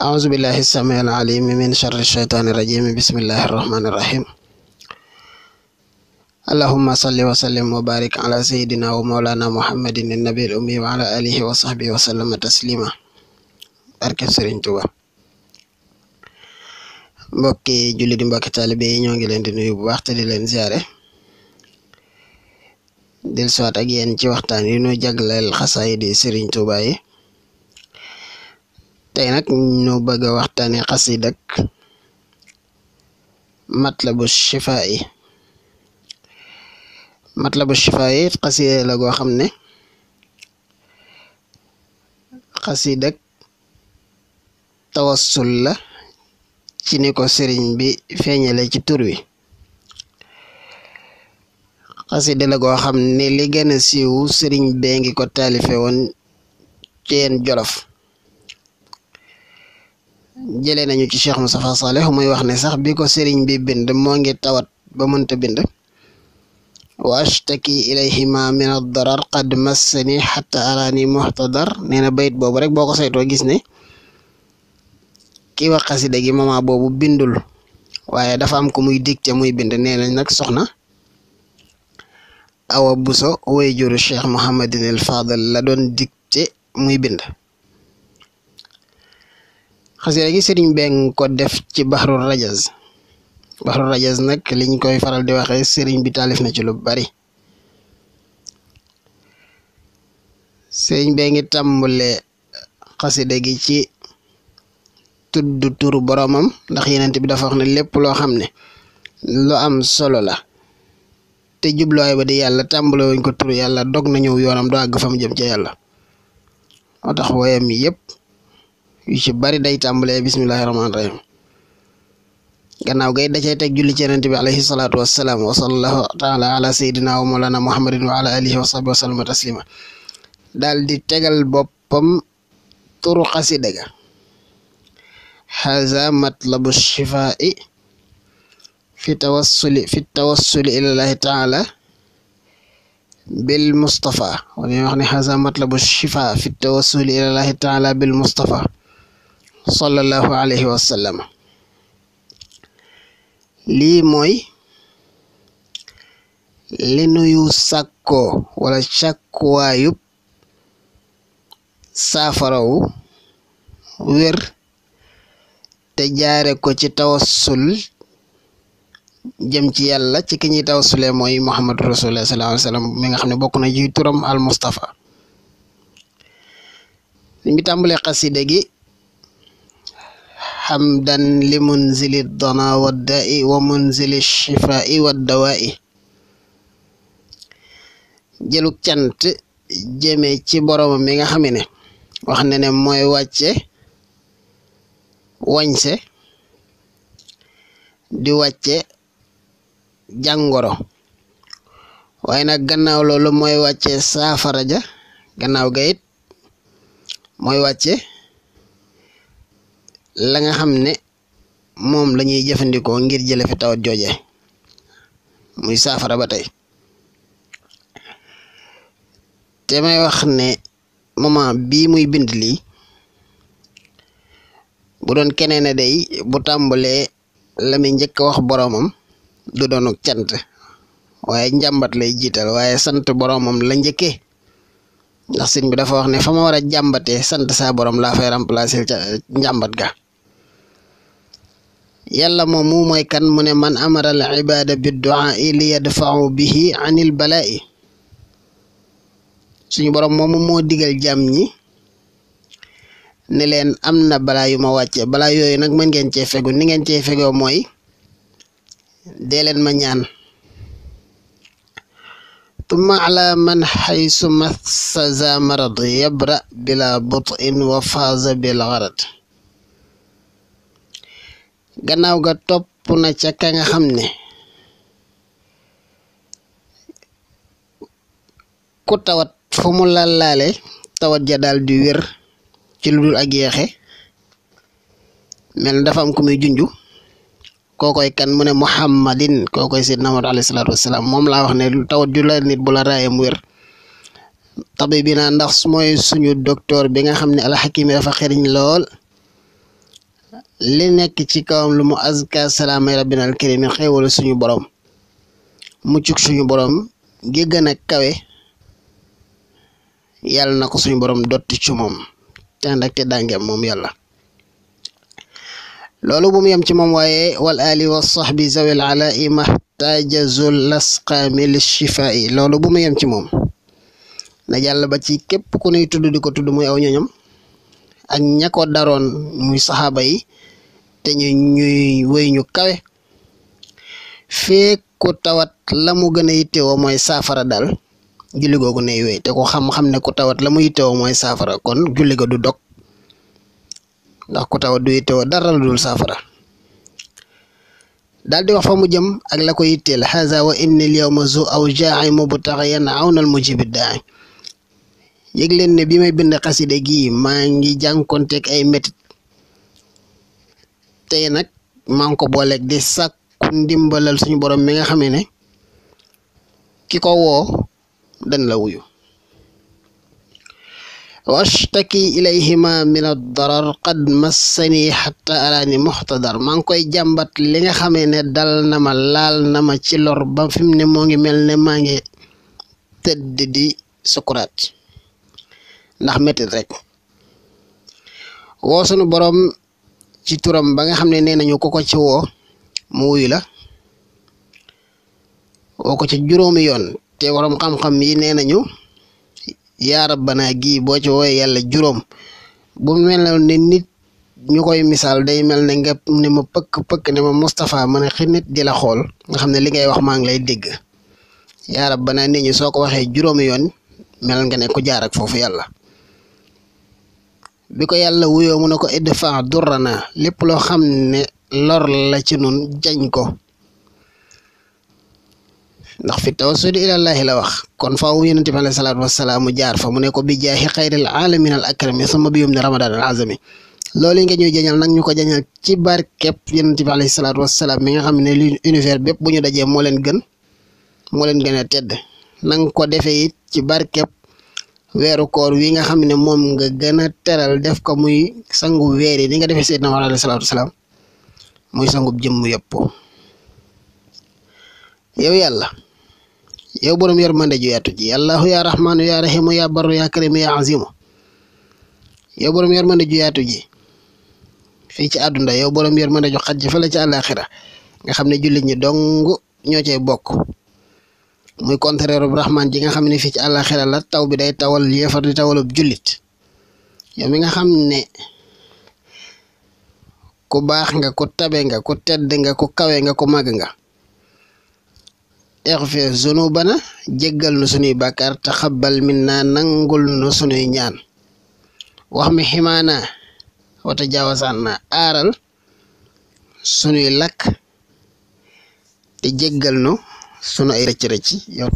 أعوذ بالله السميع العليم من شر الشيطان الرجيم بسم الله الرحمن الرحيم اللهم صل وسلم وبارك على سيدنا ومولانا محمد النبي الأمي وعلى آله وصحبه وسلم تسليما barke Serigne Touba mbokki julli di mbokki taalibe ñoo ngi leen di nuyu bu baax te di leen ziare del soit ak yéen ci waxtaan yi ñu jagleel xasaayid yi Serigne Touba yi tey nag ñu bëgg a waxtaane xasida ak matlabu shifaa yi matlabu shifaa la goo xam ne xasida ak la ci ni ko sëriñ bi feeñale ci tur wi xasida la goo xam ne li gën a siiw sëriñ bee ko taalife woon ci yeen jolof jëlee nañu ci Cheikh Moustapha Saleh muy wax ne sax bi ko sëriñ bi bind moo tawat ba mënta bind wa ashtaki ilayhima min ad-darar qad massani hatta arani muhtadar nee bayit boobu rek boo ko saytoo gis ne ki wax xasida gi boobu bindul waaye dafa am ko muy dicté muy bind nee nañ nag soxna Awa Buso woy juru Cheikh Mouhamadinil Fadal la doon dicté muy bind xasida gi sëriñ beng ko def ci baxrul rajaz baxrul rajaz nag liñ koy faral di waxee sëriñ bi taalif na ci lu bari sëriñ bee ngi tàmbale xasida ci tudd turu boroomam ndax yenent bi dafa wax na lépp loo xam ne lu am solo la te jubluwaay ba di yàlla tàmbale ko turu yàlla dog na ñëw yoonam do àgg fa mu jëm ca yàlla moo tax woyam yépp yu ci bari day tàmbalee bismillahi rahmaani rahim gannaaw gay da cay teg julli ci yonent bi alayhi salaatu wassalaam wa sallallahu taala ala sayyidina wa mawlana muhammadin wa ala alihi wa sahbihi wa sallama taslima daal di tegal boppam turu xasida ga haza matlabu shifaa'i fi tawassuli fi tawassuli ilallahi taala bil mustafa wala wax ne haza matlabu shifaa fi tawassuli ilallahi taala bil mustafa sallallahu alayhi wa lii mooy li nuyu sàkkoo wala càkkuwaayub saafarawu wér te jaare ko ci tawassul jëm ci yàlla ci ki ñuy tawassule mooy muhammadu rasulullah sallallahu alayhi wa mi nga xam ne bokk na ci turam al mustafa bi tàmbalee xasida gi hamdan limunzili dana wadda'i wa munzili shifa'i waddawa'i jëlug cant jëme ci boroma mi nga xame ne wax nene mooy wàcce wañse di wàcce jàngoro waaye nag gannaaw loolu mooy wàcce saafara ja gannaaw ga it mooy wàcce la nga xam ne moom lañuy jëfandikoo ngir jële fi tawat jooje muy saafara ba tey te may wax ne moment bii muy bind lii bu doon keneen day bu tàmbalee la muy njëkk a wax boromam du doonuk cant waaye njàmbat lay jiital waaye sant boroomam la njëkkee ndax sëñ bi dafa wax ne fa ma war a sant saa borom laa fay remplacer ca njàmbat ga yalla mom mu moy kan muné man amara al ibada bid du'a li yadfa'u bihi anil bala'i suñu borom mom mo digal jam ñi ne len amna bala yu ma wacce bala yoy nak man ngeen ci fegu ni ngeen ci fegu moy de len ma ñaan tumma ala man xaysu massa za marad yabra bila butin wa faaza bil gannaaw ga topp na ca ka nga xam ku tawat fu mu laalaale tawat ja daal di wér ci lu ak yeexe mel dafa am ku muy junju kookoy kan mu ne muhammadin kookoy sidna Muhammad alayhi salaatu wasalaam moom laa wax ne tawat ju la nit bu la raaye mu wér tabi bi naa ndax mooy suñu docteur bi nga xam ne dafa xeriñ lool li nekk ci kawam lu mu azka salaamay alkarimi xéewal suñu borom muccuk suñu boroom gi gën a kawe yàlla na ko suñu boroom dotti ci moom te ànd moom yàlla loolu bu mu yem ci moom waaye wal ali wa sahbi zawil ala i mahtajazul lasqaami li shifaa'i loolu bu mu yem ci moom na jàll ba ci képp ku nuy tudd di ko tudd muy aw ñoñam ak ña ko muy saxaaba yi te ñu ñuy wéy ñu kawe feek ku tawat la mu gën a yittewoo mooy saafara daal julli googu nay wéy te ku xam-xam ne ku tawat la mu yittewoo mooy saafara kon julli ga du dog ndax ku tawat du yittewoo dara dul saafara daal di wax fa mu jëm ak la ko yitteel haza wa inni al yawma zu aw jaa'i mubtaxiyan awnal mujibi daa yëg leen bi may bind xaside gii maa ngi jànkonteeg ay métit tey nag maa ngi ko booleeg di sàkku ndimbalal suñu boroom mi nga xamee ne ki ko woo dan la wuyu washtaki ilayhima min ad-darar qad massani xatta araani muxtadar maa ngi koy jàmbat li nga xamee ne dal na ma laal na ma ci lor ba fi mu ne moo ngi mel ne maa ngi tëdd di sukuraat ndax mettit rek woo sunu borom ci turam ba nga xam ne nee nañu ko ko ci woo mu wuyu la woo ko ci juróomi yoon te waroom xam-xam yi nee nañu yaarab banaa gii boo ci wooyee yàlla juróom bu mel ne nit ñu koy misaal day mel ne nga ne ma pëkk pëkk ne ma Moustapha ma ne xinit nit di la xool nga xam ne li ngay wax maa ngi lay dégg yaa banaa nit ñu soo ko waxee juróomi yoon mel nga ne ku jaar foofu yàlla. bi ko yàlla wuyoo mu ne ko idfa durrana lépp loo xam ne lor la ci nun jañ ko ndax fi tawassudi ilallaahi la wax kon faaw yonent bi aleyhi salaatu wasalaam mu jaar fa mu ne ko bi jaahi xayril alamin al akrami summa bi yum ni ramadan al azami loolu nga ñuy jañal nag ñu ko jañal ci barkeb yonent bi aleyhi salaatu wasalaam mi nga xam ne li univers bépp bu ñu dajee moo leen gën moo leen gën a tedd nanga ko defee ci barkeb weeru koor wi nga xam ne moom nga gën a teral def ko muy sangu weer yi ni nga defee seydina Muhammad alayhi salaatu muy sangub jëmm yëpp yow yàlla yow borom yërmande ju yaatu ji allahu yaa rahmaanu yaa rahiimu yaa barru yaa karimu yaa azimu yow borom yërmande ju yaatu ji fii ci àdduna yow borom yërmande ju xaj ji fa la ci àllaaxira nga xam ne jullit ñi dong ñoo cay bokk muy contraire bu rahman ji nga xamni fi fii ci àllaaxira la taw bi day tawal yefar di tawal julit yow mi nga xamne ne ku bax nga ku tabe nga ku tedd nga ku kawe nga ku mag nga exfir zunubana jegal nu sunuy bakar te xabbal nangul nu sunuy ñaan wax mi himana wata jawasana na aaral lak te jegal nu sunu ay rëcc rëcc yow.